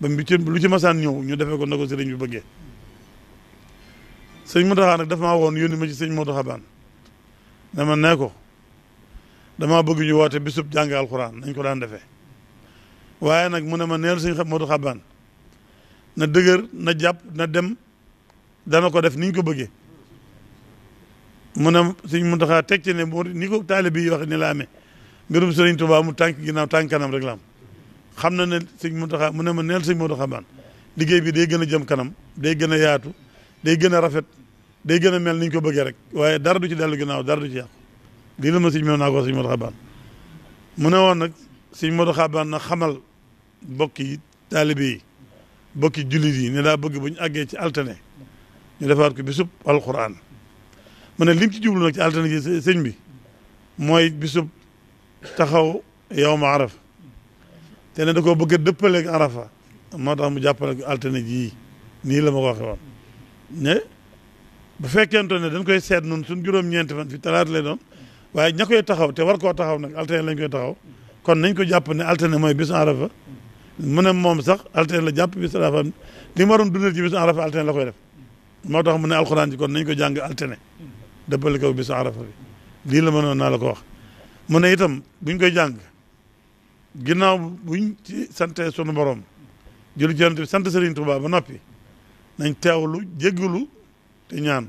ba mu ci lu ci masaan ñëw ñu defee ko na ko sëriñ bi bëggee sëñ Mountakha nag daf maa woon yónni ma ci sëñ Modou Xabaan dama ne ko dama bëgg ñu woote bisub jàng alxuraan nañ ko daan defee waaye nag mu ne ma neel sëñ Modou Xabaan na dëgër na jàpp na dem dana ko def niñ ko bëggee mu ne sëñ Mountakha teg ci ne ni ko taalibe yi wax ni la amee mbirum sëriñ Tuubaa mu tànk ginnaaw tànk kanam rek la xam na ne sëñ Mountakha mu ne ma neel sëñ Mountakha Bane liggéey bi day gën a jëm kanam day gën a yaatu day gën a rafet day gën a mel niñ ko bëggee rek waaye dara du ci dellu ginnaaw dara du ci yàqu lii la ma sëñ mom naa ko sëñ Mountakha Bane mu ne woon nag sëñ Mountakha Bane na xamal bokk yi taalibe yi bokki jullit yi ne daa bëgg bu ñu àggee ci altine ñu defaat ko bisub alquran mu ne lim ci jublu nag ci altine ji sëñ bi mooy bisub taxaw yow ma araf te ne da koo bëgg a dëppaleeg arafa moo tax mu jàppale altine jii nii la ma ko waxee woon ne bu fekkente ne dañ koy seet nun suñ juróom-ñeenti fan fi talaata lay doon waaye ña koy taxaw te war koo taxaw nag altine lañ koy taxaw kon nañ ko jàpp ne altine mooy bisu arafa mu ne moom sax altine la jàpp bisu li mu waroon dundal ci bisu arafa altine la koy def moo tax mu ne alxuraan ji kon nañ ko jàng altene dëppale ko bisu arafa bi lii la mënoon naa la ko wax mu ne itam buñ koy jàng ginnaaw bu ci sante sunu borom julli ci sant Serigne ba noppi nañ teewlu jéggulu te ñaan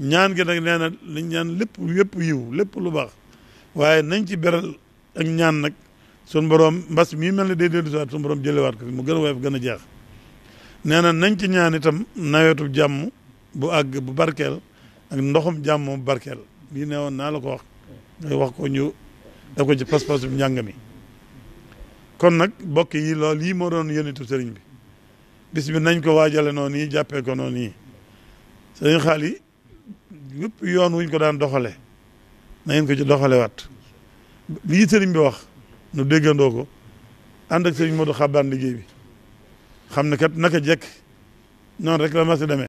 ñaan gi nag nee na liñ ñaan lépp lépp yiw lépp lu baax waaye nañ ci beral ak ñaan nag sunu borom mbas mii mel ne day borom jëlewaat ko fi mu gën a gën a jeex nee na nañ ci ñaan itam nawetu jàmm bu àgg bu barkeel ak ndoxum jàmm bu barkeel bii ne woon naa la ko wax ko ñu def ko ci pas bu njàng mi kon nag mbokk yi lool yi moo doon yónnitu sëriñ bi bis nañ ko waajale noonu yi jàppee ko noonu yi sëriñ xaal yi yoon wuñ ko daan doxale na ko ci doxale wat lii sëriñ bi wax nu déggandoo ko ànd ak sëriñ Modou xabaan liggéey bi xam na kat naka jekk noonu rek ma demee